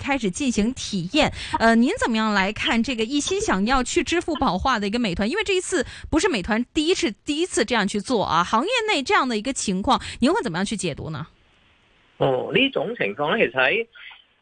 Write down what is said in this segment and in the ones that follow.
開始進行體驗，呃，您怎麼樣來看這個一心想要去支付寶化的一個美團？因為這一次不是美團第一次第一次這樣去做啊，行業內這樣的一個情況，您會怎麼樣去解讀呢？哦，呢種情況呢，其實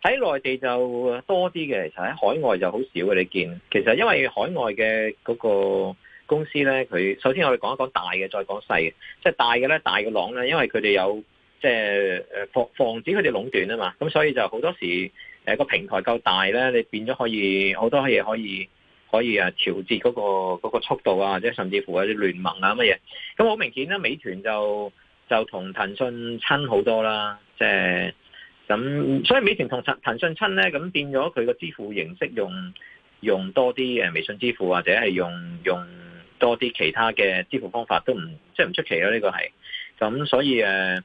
喺內地就多啲嘅，其實喺海外就好少嘅。你見，其實因為海外嘅嗰個公司呢，佢首先我哋講一講大嘅，再講細嘅。即係大嘅呢，大嘅浪呢，因為佢哋有即係防防止佢哋壟斷啊嘛，咁所以就好多時。誒個平台夠大咧，你變咗可以好多嘢可以可以啊調節嗰個嗰個速度啊，或者甚至乎有啲聯盟啊乜嘢，咁好明顯咧，美團就就同騰訊親好多啦，即係咁，所以美團同騰騰訊親咧，咁變咗佢個支付形式用用多啲誒微信支付，或者係用用多啲其他嘅支付方法都唔即係唔出奇咯，呢個係咁，所以誒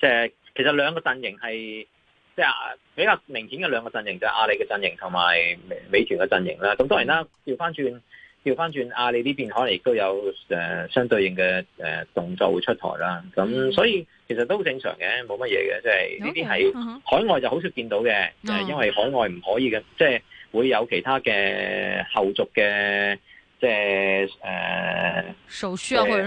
即係其實兩個陣營係。即係比較明顯嘅兩個陣營就係、是、阿里嘅陣營同埋美團嘅陣營啦。咁當然啦，調翻轉，調翻轉，阿里呢邊可能亦都有誒、呃、相對應嘅誒、呃、動作會出台啦。咁所以其實都正常嘅，冇乜嘢嘅，即係呢啲喺海外就好少見到嘅，就係、okay, uh huh. 因為海外唔可以嘅，即係會有其他嘅後續嘅即係、呃、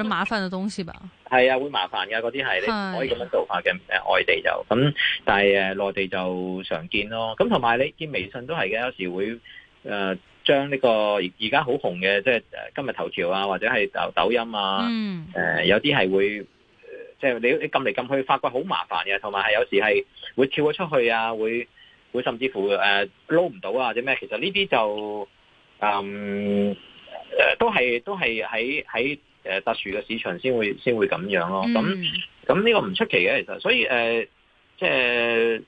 麻煩嘅東西吧。係啊，會麻煩噶嗰啲係你，可以咁樣做法嘅。誒的，外地就咁，但係誒、呃，內地就常見咯。咁同埋你見微信都係嘅，有時會誒、呃、將呢、這個而家好紅嘅，即係誒今日頭條啊，或者係抖抖音啊，誒、嗯呃、有啲係會即係、就是、你你撳嚟撳去，發覺好麻煩嘅，同埋係有時係會跳咗出去啊，會會甚至乎誒撈唔到啊，或者咩？其實呢啲就嗯誒、呃、都係都係喺喺。誒，特殊嘅市場先會先會咁樣咯，咁咁呢個唔出奇嘅其實，所以誒，即、呃呃、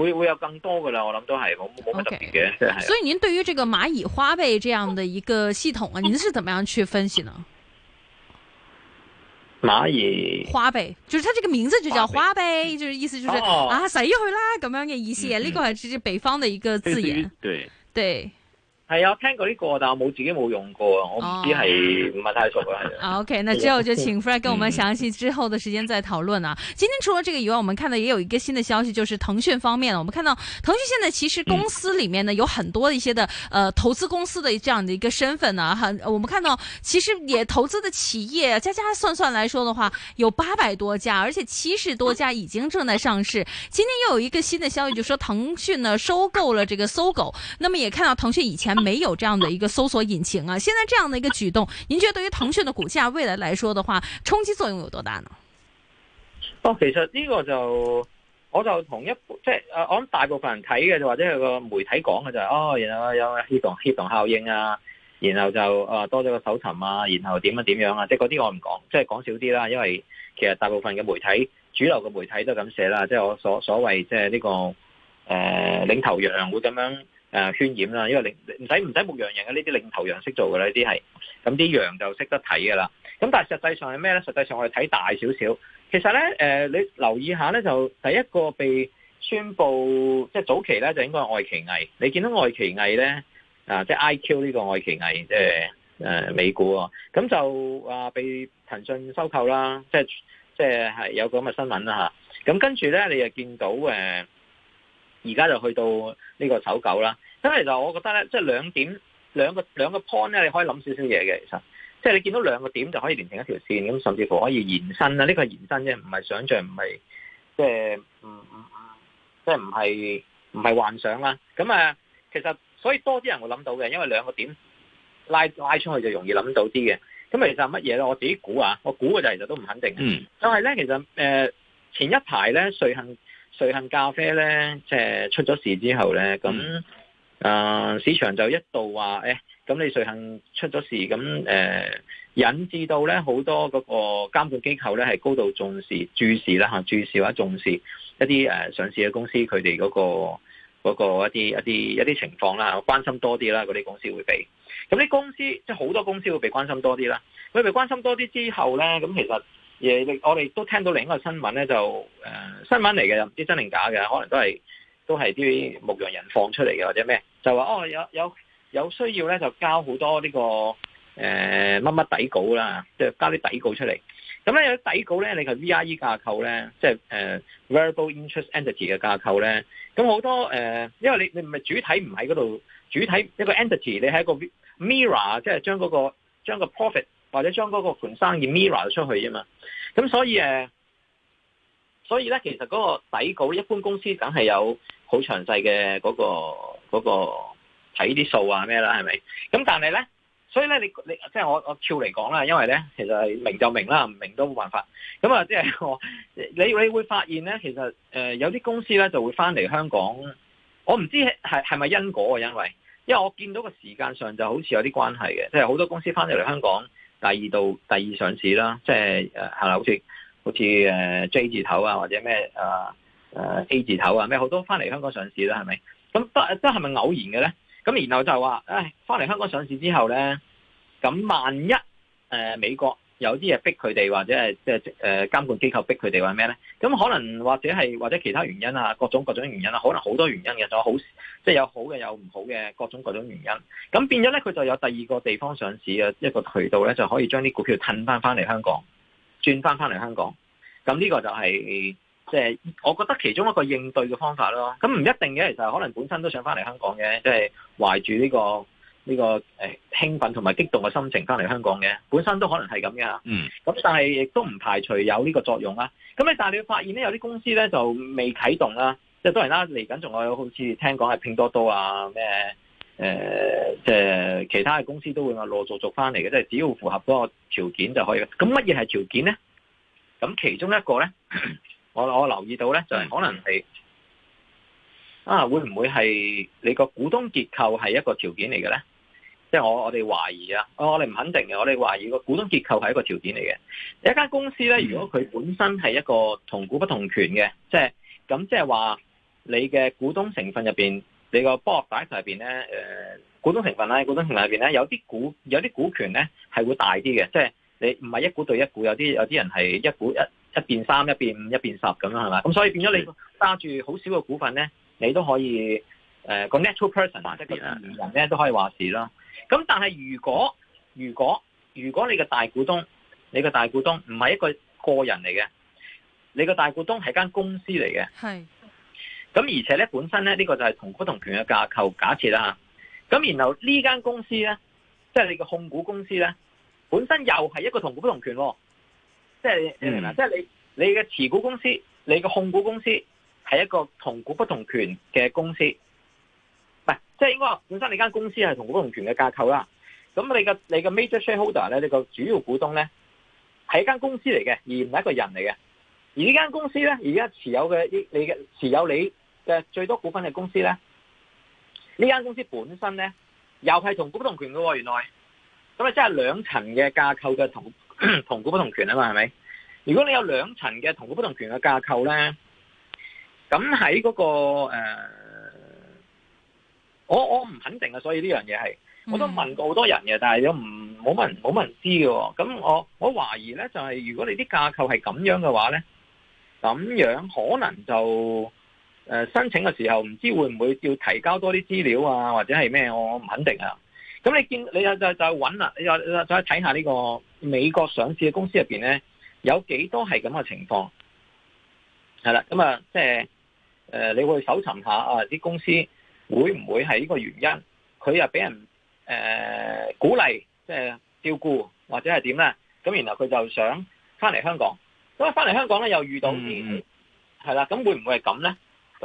會,會有更多嘅啦，我諗都係冇冇乜特別嘅，okay, 就是、所以您對於這個螞蟻花唄這樣的嘅一個系統啊，您、嗯、是點樣去分析呢？螞蟻花唄，就是它這個名字就叫花唄，花就是意思就是啊,、哦、啊，洗咗去啦咁樣嘅意思，呢個係其實北方嘅一個字眼，係啊，我聽過呢、這個，但我冇自己冇用過啊，我唔知係唔係太熟啦。啊，OK，那之後就請 Fred 跟我們詳細之後的時間再討論啊。嗯、今天除了這個以外，我們看到也有一個新的消息，就是騰訊方面，我們看到騰訊現在其實公司裏面呢有很多一些的，呃，投資公司的這樣的一個身份呢，哈，我們看到其實也投資的企業加加算算來說的話，有八百多家，而且七十多家已經正在上市。今天又有一個新的消息，就是、說騰訊呢收購了這個搜狗，那麼也看到騰訊以前。沒有這樣的一個搜索引擎啊！現在這樣的一個舉動，您覺得對於騰訊的股價未來來說的話，衝擊作用有多大呢？哦，其實呢個就我就同一即係我諗大部分人睇嘅，就或者係個媒體講嘅就係、是、哦，然後有協同協同效應啊，然後就、呃、多咗個搜尋啊，然後點樣點樣啊，即係嗰啲我唔講，即係講少啲啦，因為其實大部分嘅媒體主流嘅媒體都咁寫啦，即係我所所謂即係、這、呢個誒、呃、領頭羊會咁樣。誒渲染啦，因為你唔使唔使牧羊人嘅呢啲領頭羊識做㗎啦，呢啲係，咁啲羊就識得睇㗎啦。咁但係實際上係咩咧？實際上我哋睇大少少，其實咧誒、呃，你留意下咧，就第一個被宣布即係早期咧，就應該係愛奇藝。你見到愛奇藝咧啊，即係 I Q 呢個愛奇藝，即、呃、係、呃、美股啊，咁就啊、呃、被騰訊收購啦，即係即係係有咁嘅新聞啦吓。咁跟住咧，你又見到誒。呃而家就去到呢個搜狗啦，咁啊其實我覺得咧，即係兩點兩個兩個 point 咧，你可以諗少少嘢嘅，其實即係你見到兩個點就可以連成一條線，咁甚至乎可以延伸啦，呢個係延伸啫，唔係想象，唔係即係唔唔即係唔係唔係幻想啦。咁啊，其實所以多啲人會諗到嘅，因為兩個點拉拉出去就容易諗到啲嘅。咁啊，其實係乜嘢咧？我自己估啊，我估嘅就係其實都唔肯定。嗯。就係咧，其實誒、呃、前一排咧，瑞幸。瑞幸咖啡咧，即、就、係、是、出咗事之後咧，咁啊、呃、市場就一度話，誒、哎，咁你瑞幸出咗事，咁誒、呃、引致到咧好多嗰個監管機構咧，係高度重視、注視啦嚇，注視或者重視一啲誒、呃、上市嘅公司他們、那個，佢哋嗰個嗰個一啲一啲一啲情況啦嚇，關心多啲啦，嗰啲公司會被。咁啲公司即係好多公司會被關心多啲啦。佢哋被關心多啲之後咧，咁其實。嘢，我哋都聽到另一個新聞咧，就誒、呃、新聞嚟嘅，又唔知真定假嘅，可能都係都係啲牧羊人放出嚟嘅或者咩，就話哦有有有需要咧，就交好多呢個誒乜乜底稿啦，即係交啲底稿出嚟。咁咧有啲底稿咧，你個 VIE 架構咧，即係誒 Variable Interest Entity 嘅架構咧，咁好多誒、呃，因為你你唔係主體唔喺嗰度，主體一個 entity，你係一個 Mirror，即係將嗰個將個 profit。或者將嗰個盤生意 mirror 出去啊嘛，咁所以誒，所以咧其實嗰個底稿一般公司梗係有好詳細嘅嗰個嗰個睇啲數啊咩啦，係咪？咁但係咧，所以咧你你即係我我跳嚟講啦，因為咧其實係明就明啦，唔明都冇辦法。咁啊，即係我你你會發現咧，其實、呃、有啲公司咧就會翻嚟香港，我唔知係係咪因果啊，因為因為我見到個時間上就好似有啲關係嘅，即係好多公司翻嚟香港。第二度第二上市啦，即係誒，係、啊、啦，好似好似誒、uh, J 字頭啊，或者咩誒誒 A 字頭啊，咩好多翻嚟香港上市啦，係咪？咁不即係咪偶然嘅咧？咁然後就話、是，誒、哎，翻嚟香港上市之後咧，咁萬一誒、呃、美國有啲嘢逼佢哋，或者係即係誒監管機構逼佢哋話咩咧？咁可能或者係或者其他原因啊，各種各種原因啊，可能好多原因嘅，就好。即係有好嘅有唔好嘅各種各種原因，咁變咗咧，佢就有第二個地方上市嘅一個渠道咧，就可以將啲股票褪翻翻嚟香港，轉翻翻嚟香港。咁呢個就係即係我覺得其中一個應對嘅方法咯。咁唔一定嘅，其實可能本身都想翻嚟香港嘅，即係懷住呢個呢個誒興奮同埋激動嘅心情翻嚟香港嘅，本身都可能係咁嘅。嗯。咁但係亦都唔排除有呢個作用啦。咁咧，但係你會發現咧，有啲公司咧就未啟動啦。即係當然啦，嚟緊仲有好似聽講係拼多多啊，咩誒，即、呃、係、呃呃、其他嘅公司都會落陸續續翻嚟嘅。即係只要符合嗰個條件就可以。咁乜嘢係條件咧？咁其中一個咧， 我我留意到咧，就係、是、可能係啊，會唔會係你個股東結構係一個條件嚟嘅咧？即、就、係、是、我我哋懷疑啊，我哋唔肯定嘅，我哋懷疑個股東結構係一個條件嚟嘅。有一間公司咧，嗯、如果佢本身係一個同股不同權嘅，即係咁即係話。你嘅股東成分入邊，你個波幅底 s 入邊咧，誒，股東成分咧，股東成分入邊咧，有啲股有啲股權咧係會大啲嘅，即係你唔係一股對一股，有啲有啲人係一股一一變三、一變五、一變十咁啦，係咪？咁所以變咗你揸住好少嘅股份咧，你都可以誒個 natural person Yeah. 即係個人咧都可以話事咯。咁但係如果如果如果你個大股東你個大股東唔係一個個人嚟嘅，你個大股東係間公司嚟嘅。係。咁而且咧，本身咧呢、呢個就係同股不同權嘅架構假設啦。咁、啊啊、然後呢間公司咧，即係你嘅控股公司咧，本身又係一個同股不同權、啊，即係、嗯、即係你你嘅持股公司，你嘅控股公司係一個同股不同權嘅公司，係、啊，即係應該話本身你間公司係同股不同權嘅架構啦。咁你嘅你嘅 major shareholder 咧，你個主要股東咧，係一間公司嚟嘅，而唔係一個人嚟嘅。而呢間公司咧，而家持有嘅你嘅持有你。嘅最多股份嘅公司咧，呢間公司本身咧又係同股不同權嘅喎。原來咁啊，即係兩層嘅架構嘅同同股不同權啊嘛，係咪？如果你有兩層嘅同股不同權嘅架構咧，咁喺嗰個、呃、我我唔肯定啊。所以呢樣嘢係我都問過好多人嘅，但係有唔冇乜冇乜人知嘅喎。咁我我懷疑咧，就係、是、如果你啲架構係咁樣嘅話咧，咁樣可能就。誒，申請嘅時候唔知會唔會要提交多啲資料啊，或者係咩？我唔肯定啊。咁你見你又就就揾啦，你又再睇下呢個美國上市嘅公司入邊咧，有幾多係咁嘅情況？係啦，咁啊、就是，即係誒，你會搜尋下啊啲公司會唔會係呢個原因？佢又俾人誒、呃、鼓勵，即、就、係、是、照顧或者係點咧？咁然後佢就想翻嚟香港，咁啊翻嚟香港咧又遇到事，係啦、嗯，咁會唔會係咁咧？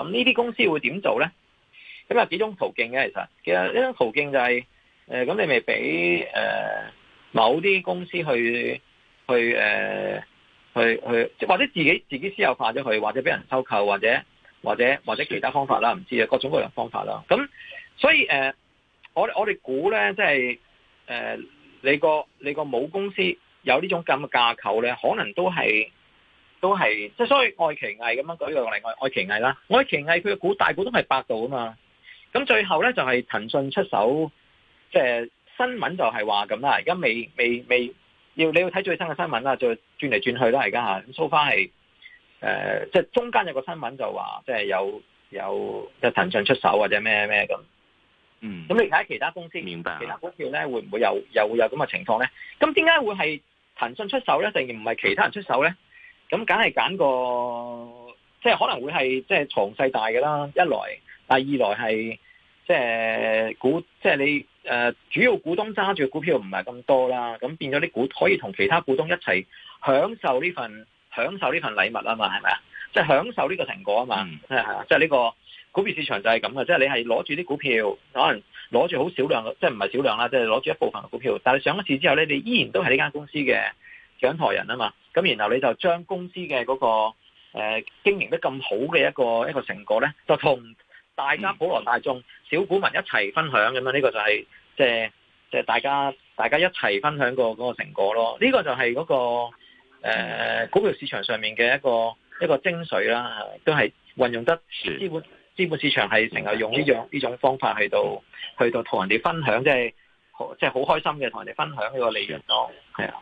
咁呢啲公司會點做咧？咁有幾種途徑嘅，其實其實一種途徑就係誒，咁你咪俾誒某啲公司去去誒去去，即係或者自己自己私有化咗佢，或者俾人收購，或者或者或者其他方法啦，唔知啊，各種各樣方法啦。咁所以誒，我我哋估咧，即係誒你個你個母公司有呢種咁嘅架構咧，可能都係。都係即係，所以愛奇藝咁樣舉個例，愛愛奇藝啦，愛奇藝佢嘅股大股東係百度啊嘛，咁最後咧就係騰訊出手，即係新聞就係話咁啦，而家未未未要你要睇最新嘅新聞啦，再轉嚟轉去啦，而家吓 sofa，係誒，即係中間有個新聞就話，即係有有即係騰訊出手或者咩咩咁，嗯，咁你睇下其他公司，其他股票咧會唔會有又會有咁嘅情況咧？咁點解會係騰訊出手咧，定唔係其他人出手咧？咁梗係揀個，即係可能會係即係藏勢大嘅啦。一來，但係二來係即係股，即係你誒主要股東揸住股票唔係咁多啦。咁變咗啲股可以同其他股東一齊享受呢份享受呢份禮物啊嘛，係咪啊？即係享受呢個成果啊嘛，嗯，係啊，即係呢個股票市場就係咁嘅，即係你係攞住啲股票，可能攞住好少量，即係唔係少量啦，即係攞住一部分嘅股票，但係上咗市之後咧，你依然都係呢間公司嘅掌舵人啊嘛。咁然後你就將公司嘅嗰、那個誒、呃、經營得咁好嘅一個一個成果咧，就同大家普羅大眾、小股民一齊分享咁樣，呢個就係、是、即係即係大家大家一齊分享那個嗰成果咯。呢、這個就係嗰、那個、呃、股票市場上面嘅一個一個精髓啦，都係運用得資本資本市場係成日用呢種呢種方法去到去到同人哋分享，即係即係好開心嘅同人哋分享呢個利潤咯，係啊！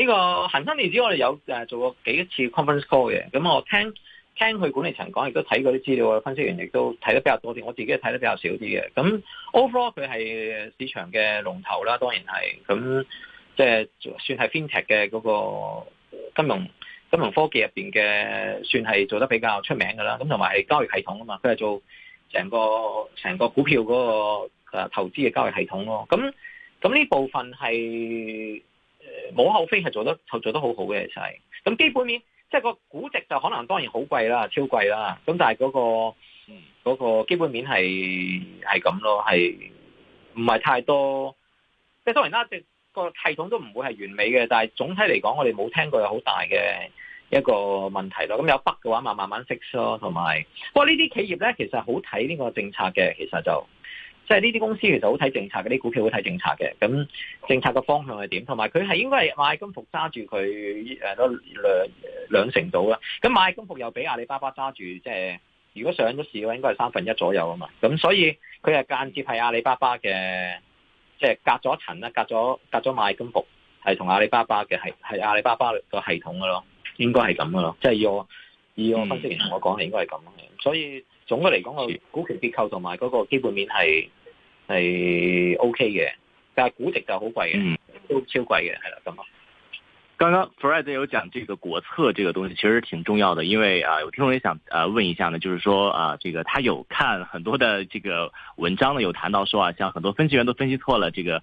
呢個恒生電子我哋有做過幾次 conference call 嘅，咁我聽聽佢管理層講，亦都睇過啲資料，分析員亦都睇得比較多啲，我自己係睇得比較少啲嘅。咁 overall 佢係市場嘅龍頭啦，當然係咁，即係算係 FinTech 嘅嗰個金融金融科技入面嘅，算係做得比較出名㗎啦。咁同埋係交易系統啊嘛，佢係做成個成個股票嗰個、啊、投資嘅交易系統咯。咁咁呢部分係。冇後非係做得，做做得很好好嘅就係、是、咁基本面，即、就、係、是、個估值就可能當然好貴啦，超貴啦。咁但係嗰、那個嗰、嗯、基本面係係咁咯，係唔係太多？即係當然啦，即、就是、個系統都唔會係完美嘅，但係總體嚟講，我哋冇聽過有好大嘅一個問題咯。咁有 bug 嘅話，慢慢慢 fix 咯。同埋，不過呢啲企業咧，其實好睇呢個政策嘅，其實就。即係呢啲公司其實好睇政策，嗰啲股票好睇政策嘅。咁政策嘅方向係點？同埋佢係應該係螞蟻金服揸住佢兩兩成度啦。咁螞蟻金服又俾阿里巴巴揸住，即係如果上咗市嘅話應該係三分一左右啊嘛。咁所以佢係間接係阿里巴巴嘅，即係隔咗層啦，隔咗隔咗螞蟻金服係同阿里巴巴嘅，係阿里巴巴個系統噶咯。應該係咁噶咯，嗯、即係要要我分析員同我講應該係咁嘅。所以總嘅嚟講個股權結構同埋嗰個基本面係，係、哎、OK 嘅，但係估值就好貴嘅，嗯，都超貴嘅，係啦咁啊。剛，剛剛 Fred 有講這個國策這個東西，其實挺重要的，因為啊有聽眾也想啊問一下呢，就是說啊，這個他有看很多的這個文章呢，有談到說啊，像很多分析員都分析錯了這個。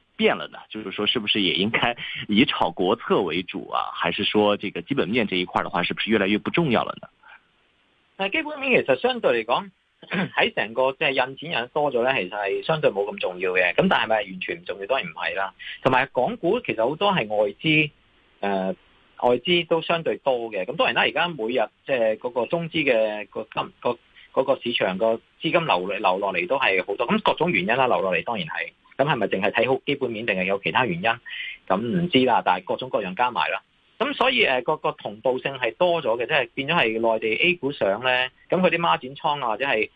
變了呢？就是說，是不是也應該以炒國策為主啊？還是說，這個基本面這一塊的話，是不是越來越不重要了呢？但基本面其實相對嚟講，喺成個即係、就是、印錢人多咗呢，其實係相對冇咁重要嘅。咁但係咪完全唔重要都係唔係啦。同埋港股其實好多係外資，誒、呃、外資都相對多嘅。咁當然啦，而家每日即係嗰個中資嘅、那個金個、嗰個市場個資金流流落嚟都係好多。咁各種原因啦，流落嚟當然係。咁係咪淨係睇好基本面，定係有其他原因？咁唔知啦，但係各種各樣加埋啦，咁所以誒個同步性係多咗嘅，即係變咗係內地 A 股上咧，咁佢啲孖展倉啊，或者係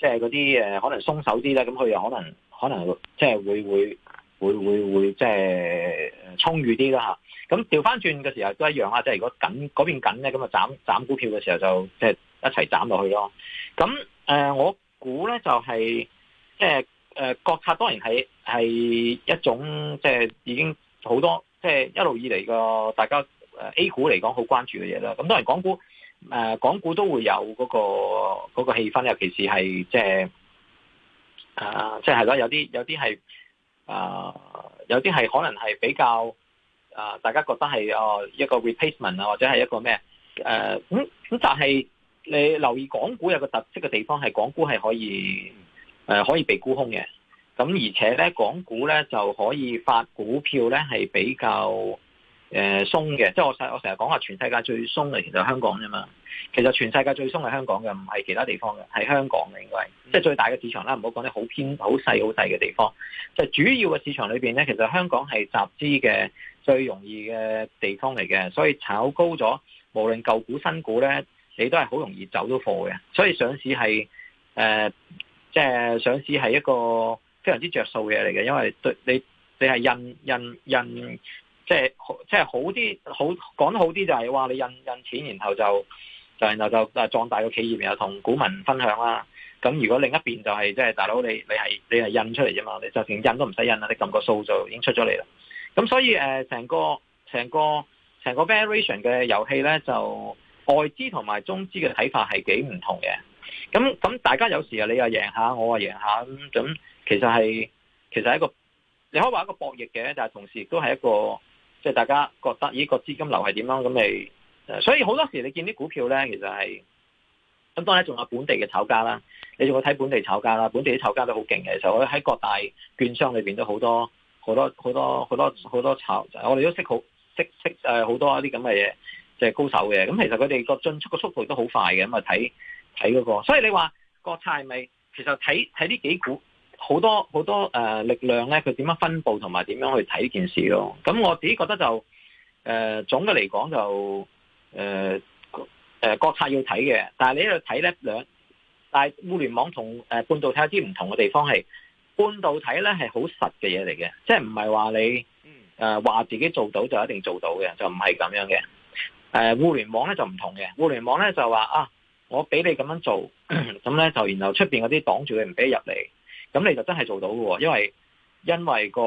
即係嗰啲誒可能鬆手啲咧，咁佢又可能可能即係會會會會會即係充裕啲啦吓。咁調翻轉嘅時候都一樣呀。即係如果緊嗰邊緊咧，咁啊斬斬股票嘅時候就即係一齊斬落去咯。咁誒、呃，我估咧就係即係。就係誒，國策當然係係一種即係已經好多即係一路以嚟，個大家誒 A 股嚟講好關注嘅嘢啦。咁當然港股誒，港股都會有嗰個嗰個氣氛，尤其是係即係啊，即係啦，有啲有啲係啊，有啲係可能係比較啊，大家覺得係哦一個 replacement 啊，或者係一個咩誒咁咁，但係你留意港股有個特色嘅地方係港股係可以。誒、呃，可以被沽空嘅，咁而且咧，港股咧，就可以發股票咧，係比較誒鬆嘅，即係我我成日講話全世界最鬆嘅，其實香港啫嘛。其實全世界最鬆係香港嘅，唔係其他地方嘅，係香港嘅應該係，嗯、即係最大嘅市場啦。唔好講啲好偏，好細，好細嘅地方。就係，主要嘅市場裏邊咧，其實香港係集資嘅最容易嘅地方嚟嘅，所以炒高咗，無論舊股、新股咧，你都係好容易走都貨嘅。所以上市係誒。呃即係上市係一個非常之着數嘅嘢嚟嘅，因為對你你係印印印，即係即係好啲、就是、好，講得好啲就係、是、話你印印錢然，然後就就然後就誒壯大個企業後同股民分享啦，啊。咁如果另一邊就係即係大佬你你係你，是你是印出嚟啫嘛，你就連印都唔使印啦，你撳個數就已經出咗嚟啦。咁所以誒，成、呃、個成個成個 variation 嘅遊戲咧，就外資同埋中資嘅睇法係幾唔同嘅。咁咁，大家有時啊，你又贏下，我又贏下，咁其實係其實係一個你可以話一個博弈嘅，但係同時亦都係一個即係、就是、大家覺得呢個資金流係點樣咁嚟？所以好多時你見啲股票咧，其實係。咁當然仲有本地嘅炒家啦。你仲會睇本地炒家啦，本地啲炒家都好勁嘅，其實我喺各大券商裏邊都好多好多好多好多好多炒，我哋都識好好多一啲咁嘅嘢即係高手嘅。咁其實佢哋個進出嘅速度都好快嘅，咁啊睇。睇嗰、那個，所以你話國產係咪其實睇睇呢幾股好多好多誒、呃、力量咧，佢點樣分佈同埋點樣去睇呢件事咯？咁我自己覺得就誒、呃、總嘅嚟講就誒誒、呃、國產、呃、要睇嘅，但係你喺度睇咧兩，但係互聯網同誒、呃、半導體有啲唔同嘅地方係半導體咧係好實嘅嘢嚟嘅，即係唔係話你誒話、呃、自己做到就一定做到嘅，就唔係咁樣嘅。誒互聯網咧就唔同嘅，互聯網咧就話啊。我俾你咁樣做，咁呢就然後出邊嗰啲擋住你唔俾入嚟，咁你，你就真係做到嘅，因為因為個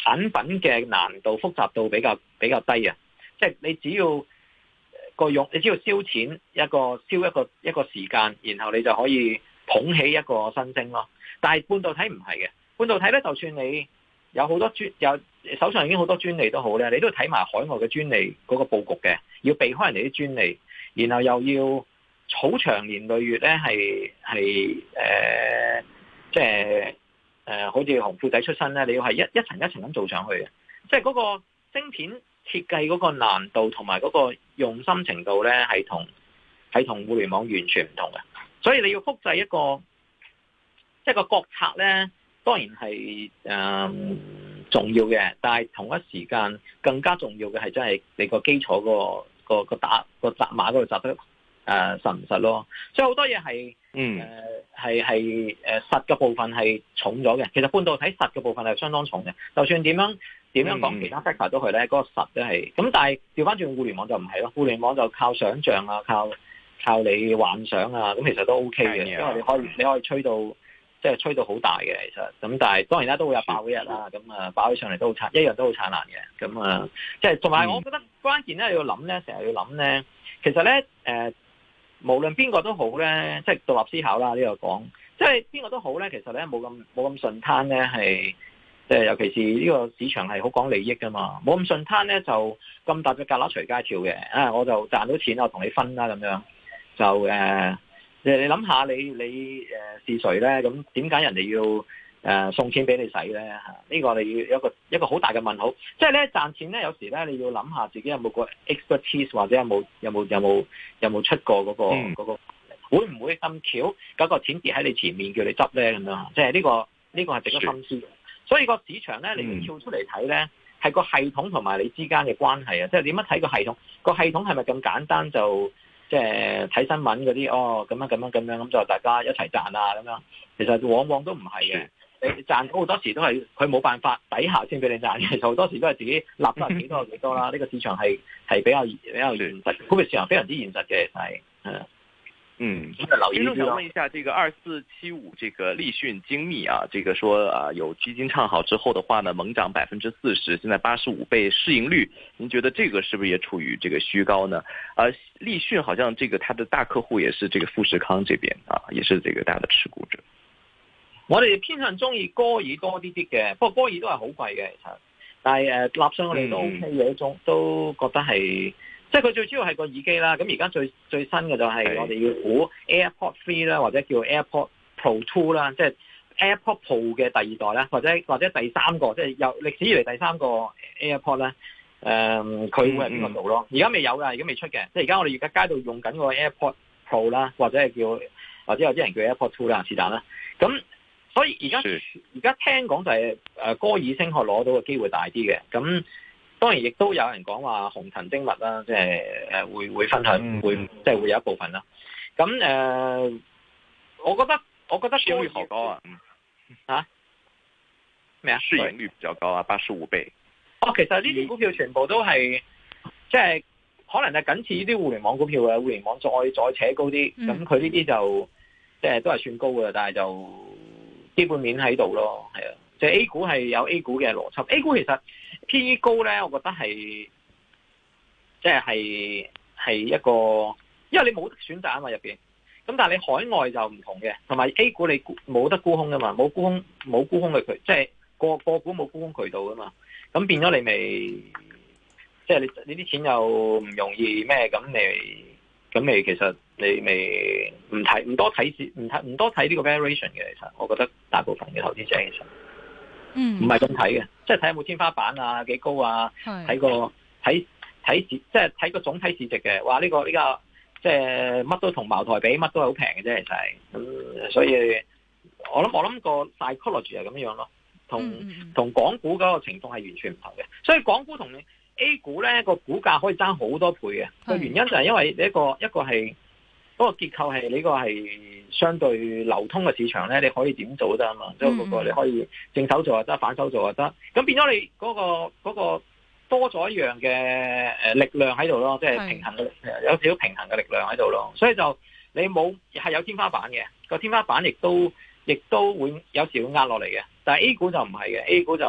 產品嘅難度複雜度比較比較低啊，即係你只要個用，你只要燒錢一個燒一個一個時間，然後你就可以捧起一個新星咯。但係半導體唔係嘅，半導體呢就算你有好多專有手上已經好多專利都好呢，你都要睇埋海外嘅專利嗰個佈局嘅，要避開人哋啲專利，然後又要。好長年累月咧，係係誒，即係誒，好似紅褲仔出身咧，你要係一一層一層咁做上去嘅，即係嗰個晶片設計嗰個難度同埋嗰個用心程度咧，係同係同互聯網完全唔同嘅，所以你要複製一個即係個國策咧，當然係誒、嗯、重要嘅，但係同一時間更加重要嘅係，真係你個基礎、嗰個、嗰個打、嗰個扎馬嗰度紮得。誒、啊、實唔實咯？所以好多嘢係，嗯係係誒實嘅部分係重咗嘅。其實半導體實嘅部分係相當重嘅。就算點樣點樣講，其他 factor、嗯、都係咧，嗰、嗰個實都係。咁但係調翻轉互聯網就唔係咯。互聯網就靠想像啊，靠靠你幻想啊。咁其實都 OK 嘅，的因為你可以你可以吹到即係吹到好大嘅其實。咁但係當然啦，都會有爆嘅日啦、啊。咁啊，爆起上嚟都好燦一樣都好燦爛嘅。咁啊，即係同埋我覺得關鍵咧要諗咧，成日要諗咧，其實咧誒無論邊個都好咧，即係獨立思考啦。呢、這個講，即係邊個都好咧，其實咧冇咁冇咁順攤咧，係誒，尤其是呢個市場係好講利益噶嘛，冇咁順攤咧就咁大隻蛤乸隨街跳嘅，啊我就賺到錢我同你分啦咁樣，就誒、呃，你你諗下你你誒、呃、是誰咧？咁點解人哋要？誒、呃、送錢俾你使咧嚇，呢、這個你要一個一個好大嘅問號。即係咧賺錢咧，有時咧你要諗下自己有冇個 expertise，或者有冇有冇有冇有冇出過嗰、那個嗰、嗯、會唔會咁巧嗰、那個錢跌喺你前面叫你執咧咁樣？即係呢、這個呢、這個係值得深思。是所以個市場咧，你要跳出嚟睇咧，係、嗯、個系統同埋你之間嘅關係啊！即係點樣睇個系統？個系統係咪咁簡單就即係睇新聞嗰啲？哦，咁樣咁樣咁樣，咁就大家一齊賺啊咁樣？其實往往都唔係嘅。你賺好多時都係佢冇辦法抵下先俾你賺，其實好多時都係自己立得幾多有幾多啦。呢、嗯、個市場係係比較比較現實，呢個市場非常之現實嘅係。嗯嗯，老想問一下，嗯、這個二四七五，這個立訊精密啊，這個說啊有基金唱好之後的話呢，猛漲百分之四十，現在八十五倍市盈率，您覺得這個是不是也處於這個虛高呢？而、啊、立訊好像這個他的大客戶也是這個富士康這邊啊，也是這個大的持股者。我哋偏向中意歌爾多啲啲嘅，不過歌爾都係好貴嘅，其實。但係誒，立、呃、上我哋都 OK 嘅一種，嗯、都覺得係，即係佢最主要係個耳機啦。咁而家最最新嘅就係我哋要估 AirPod Three 啦，或者叫 AirPod Pro Two 啦，即係 AirPod Pro 嘅第二代啦，或者或者第三個，即係有歷史以嚟第三個 AirPod 咧。誒、嗯，佢會係邊個度咯？而家、嗯嗯、未有噶，而家未出嘅。即係而家我哋而家街度用緊個 AirPod Pro 啦，或者係叫或者有啲人叫 AirPod Two 啦，是但啦。咁所以而家而家聽講就係、是、誒、呃、歌爾聲學攞到嘅機會大啲嘅，咁當然亦都有人講話鴻騰精密啦，即係誒會會分享，嗯、會即係會有一部分啦。咁誒、呃，我覺得我覺得比較高、嗯、啊，吓咩啊市盈率比較高啊，八十五倍。對哦，其實呢啲股票全部都係即係可能係僅次呢啲互聯網股票啊，互聯網再再扯高啲，咁佢呢啲就即係、就是、都係算高嘅，但係就。基本面喺度咯，係啊，即係 A 股係有 A 股嘅邏輯。A 股其實 P E 高咧，我覺得係即係係係一個，因為你冇得選擇啊嘛入邊。咁但係你海外就唔同嘅，同埋 A 股你冇得沽空噶嘛，冇沽空冇沽空嘅渠，即係個個股冇沽空渠道噶嘛。咁變咗你咪即係你你啲錢又唔容易咩咁你咁你其實。你未唔睇唔多睇唔睇唔多睇呢個 variation 嘅。其實，我覺得大部分嘅投資者其實，嗯，唔係咁睇嘅，即係睇下冇天花板啊，幾高啊，睇是個睇睇即係睇個總體市值嘅。話呢、呢個呢、呢個即係乜都同茅台比，乜都係好平嘅啫。其實，咁、嗯、所以我諗我諗個 psychology 係咁樣咯，同同、嗯、港股嗰個情況係完全唔同嘅。所以港股同 A 股咧個股價可以爭好多倍嘅。個是原因就係因為呢、呢、一個一、呢個係。嗰個結構係呢、呢個係相對流通嘅市場咧，你可以點做得啊嘛？即係嗰個你可以正手做又得，反手做又得。咁變咗你嗰、嗰個嗰個多咗一樣嘅誒力量喺度咯，即、就、係、是、平衡嘅是有少少平衡嘅力量喺度咯。所以就你冇係有，有天花板嘅個天花板，亦都亦都會有時會壓落嚟嘅。但係 A 股就唔係嘅，A 股就誒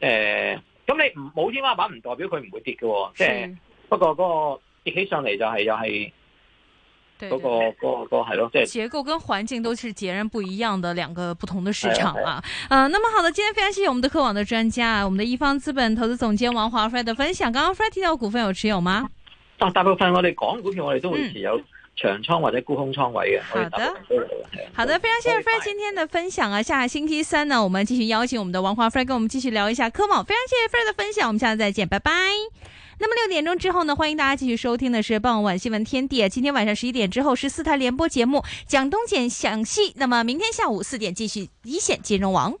咁、欸、你唔冇天花板，唔代表佢唔會跌嘅、哦。即、就、係、是、是不過嗰個跌起上嚟就係又係。就是嗰、那個、那個、那個係咯，即、就、係、是、結構跟環境都是截然不一樣的兩個不同的市場啊。啊、啊、呃，那麼好的，今天非常謝謝我們的科網的專家，我們的一方資本投資總監王華 Frank 的分享。剛剛 Frank 提到股份有持有嗎？啊，大部分我哋講股票我哋都會持有長倉或者沽空倉位嘅。嗯、位的好的，好的，非常謝謝 Frank 今天的分享啊。下個星期三呢，我們繼續邀請我們的王華 Frank 跟我們繼續聊一下科網。非常謝謝 Frank 的分享，我們下次再見，拜拜。那麼六點鐘之後呢，歡迎大家繼續收聽的是傍晚晚新聞天地啊。今天晚上十一點之後是四台聯播節目，講東講西。那麼明天下午四點繼續一線金融網。